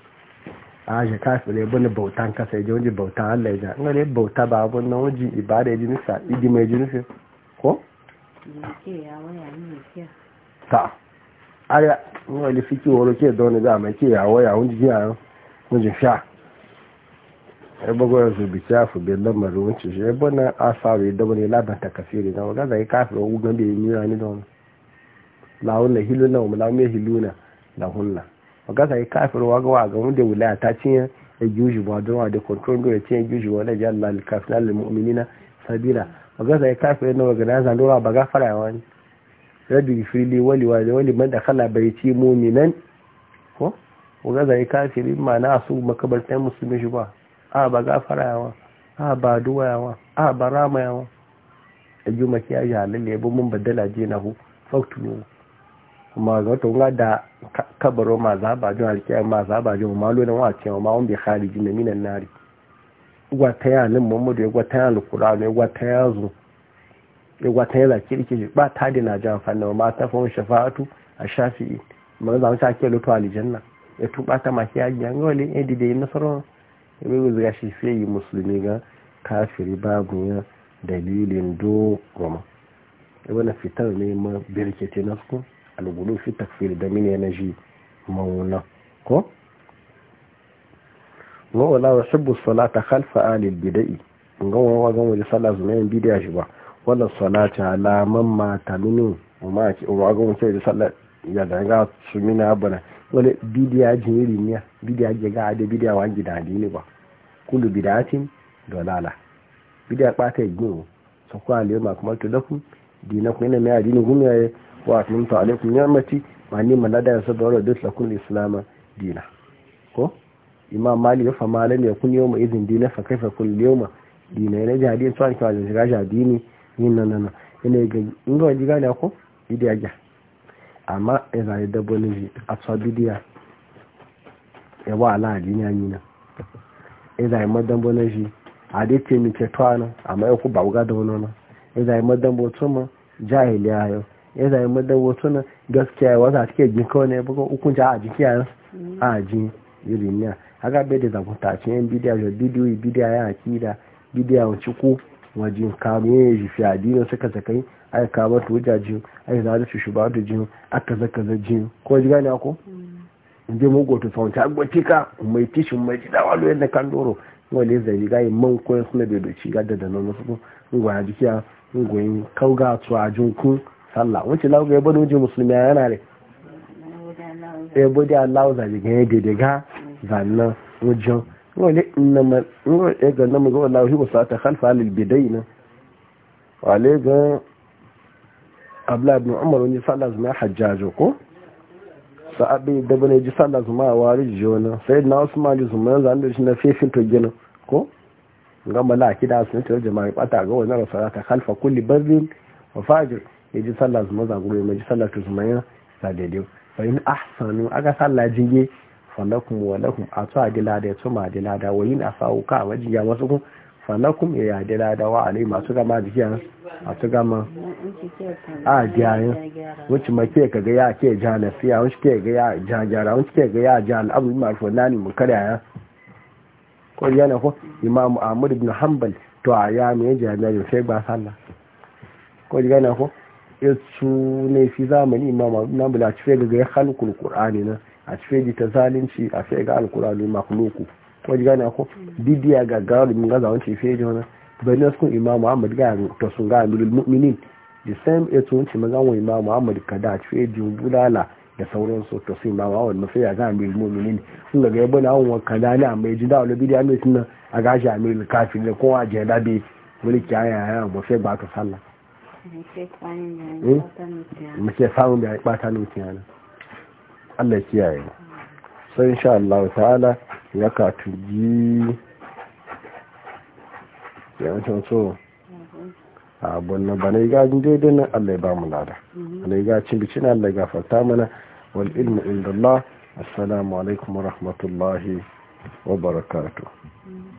a shi kafirai bane bautan kasa ya je wajen bautan Allah ya ja in ne bauta ba abun nan wajen ibada ya ji nisa idi mai ji nufin ko? ta aya in wani fiki wani ke da wani za a mai ke yawo yawon jiki a wajen sha ya bago ya su biki ya fube lamar wancin shi ya bana a faru ya dabana ya labanta kafiri na wadda zai kafirai ugan bai yi nira ni da wani lahun na hilu na wani lahun mai hilu na lahun na ga yi kafin waga gawa ga wanda wulaya ta cinye ya juji ba don wada kontrol da ya cinye juji wa na jalla alkafin almu'minina sabila wakasa yi kafin yana waga na zan dora ba fara ya ne rabbi fili wali wali wali man bai ci mu'minan ko wakasa yi kafin ma na su makabartan musulmi shi ba a ba ga fara wani a ba duwa ya a ba rama ya wani ajiyar makiyayi halin ne ya bi mun badala je hu faktu ne ma ga to ga da kabaro ma za ba jin alkiyar ma za ba jin malo na wace ma wani bai khariji na minan nari wa ta ya nan muhammadu ya wa ta ya alkur'ani ya gwa ta ya zo ya gwa ta ya zaki ba ta da na jan fanna ma ta fa shafa'atu a shafi'i ma za mu ta ke lutu aljanna ya ba ta ma ya yi e gole eh dide yin nasara ya bai zuwa shi sai yi musulmi ga kafiri babu ya dalilin do goma ya wani fitar ne ma birkete na su algulu fi takfir da mini na shi mauna ko wa wala yuhibbu salata khalfa alil bid'i ga wa ga waje sallah yin bid'a shi ba wala salata ala man mata minu ma ki wa ga waje sallah ya da ga su mina abana wala bid'a jiniri ne bid'a je ga da bid'a wa gida ne ba kullu bid'atin dalala bid'a ba ta yi go so ko alima kuma to lakum dinakum ina mai adini gumiyaye wa atimta alaikum ni'mati ma ni man da yasa da wadda ta kun islama dina ko imam mali ya fa malami ya kun yoma izin dina fa kaifa kun yoma dina ne ga hadin to an ka dini yin nan nan ina ga in ga diga ne ko idiya ga amma idan ya dabo ne a tsawon bidiya ya wa ala dina ni na idan ya madambo ne shi a dai ce mi ke to ana amma ya ku ba wuga da wani ne idan ya madambo to ya zai madan wasu na gaskiya wasu a cikin jin kawai ne bugu hukunci a jiki a jin iriniya haka bai da zakunta yan bidiyar da bidiyoyi bidiyar ya akida bidiya wacce ko wajen kamun yin jifi addinin suka zakai ai kama ta wuja jin ai za da shi ba da jin aka zaka za jin ko ji gane ko mm. in je mugo to sauti agwatika mai tishin mai jida walo yadda kan doro wale zai ga man koyon suna bai doci gadda da nan wasu ngwa jikiya kauga tuwa sallah wuce lauga ya bado ji musulmi yana ne ya bude Allah za ji ganye daidai ga zannan wajen wani innama ya ga namu ga wallahu shi wasu ta khalfa lil dai na wale ga abla ibn umar wani sallah zuma hajjajo ko abin da bane ji sallah zuma wari wani sai na wasu usman zuma zan da shi na fefin to gina ko ga laki da sun tare jama'a bata ga wani rasala ta khalfa kulli barrin wa fajir yaji ji sallah su maza gure mai ji sallah su su mayan sa daidai fa in ahsanu aka sallah jinge falakum wa lakum atu adila da yato ma adila da wa yin asau ka waji ya masu fa falakum ya adila da wa alai masu gama jiya masu gama a jiya wuce ma ke kaga ya ke ja nasiya wacce ke ga ya ja jara wacce ke ga ya ja ma fa nani mun karya ko yana ko imamu ahmad ibn hanbal to a ya mai jami'a sai ba sallah ko yana ko su ne fi zamani imam abu na bula ci fega ga ya halukul qur'ani na a ci fegi ta zalunci a fega alqur'ani alƙur'ani ko ji gane ko didiya ga garu mun ga zawon ci fegi wannan bayan sun imam ahmad ga to sun ga amirul mu'minin the same e tun ci magan wa imam ahmad kada ci fegi bulala da sauransu to sun imam ahmad mafi ya ga amirul mu'minin sun ga ya bana wa kada ne amma ji da wala bidiya mai sunna a gashi amirul kafir ne ko a jadabi mulki aya ya mafi ba ka sallah muke samun da hmm? ya ɓata nuti yana allah kiyaye sai insha Allah ta'ala ya ka tuji yawancin so abun na bane ga daidai nan allah ya ba mu lada bane hmm. ga cin bici na allah ya gafarta mana wal ilmu indallah assalamu alaikum wa rahmatullahi wa barakatuh hmm.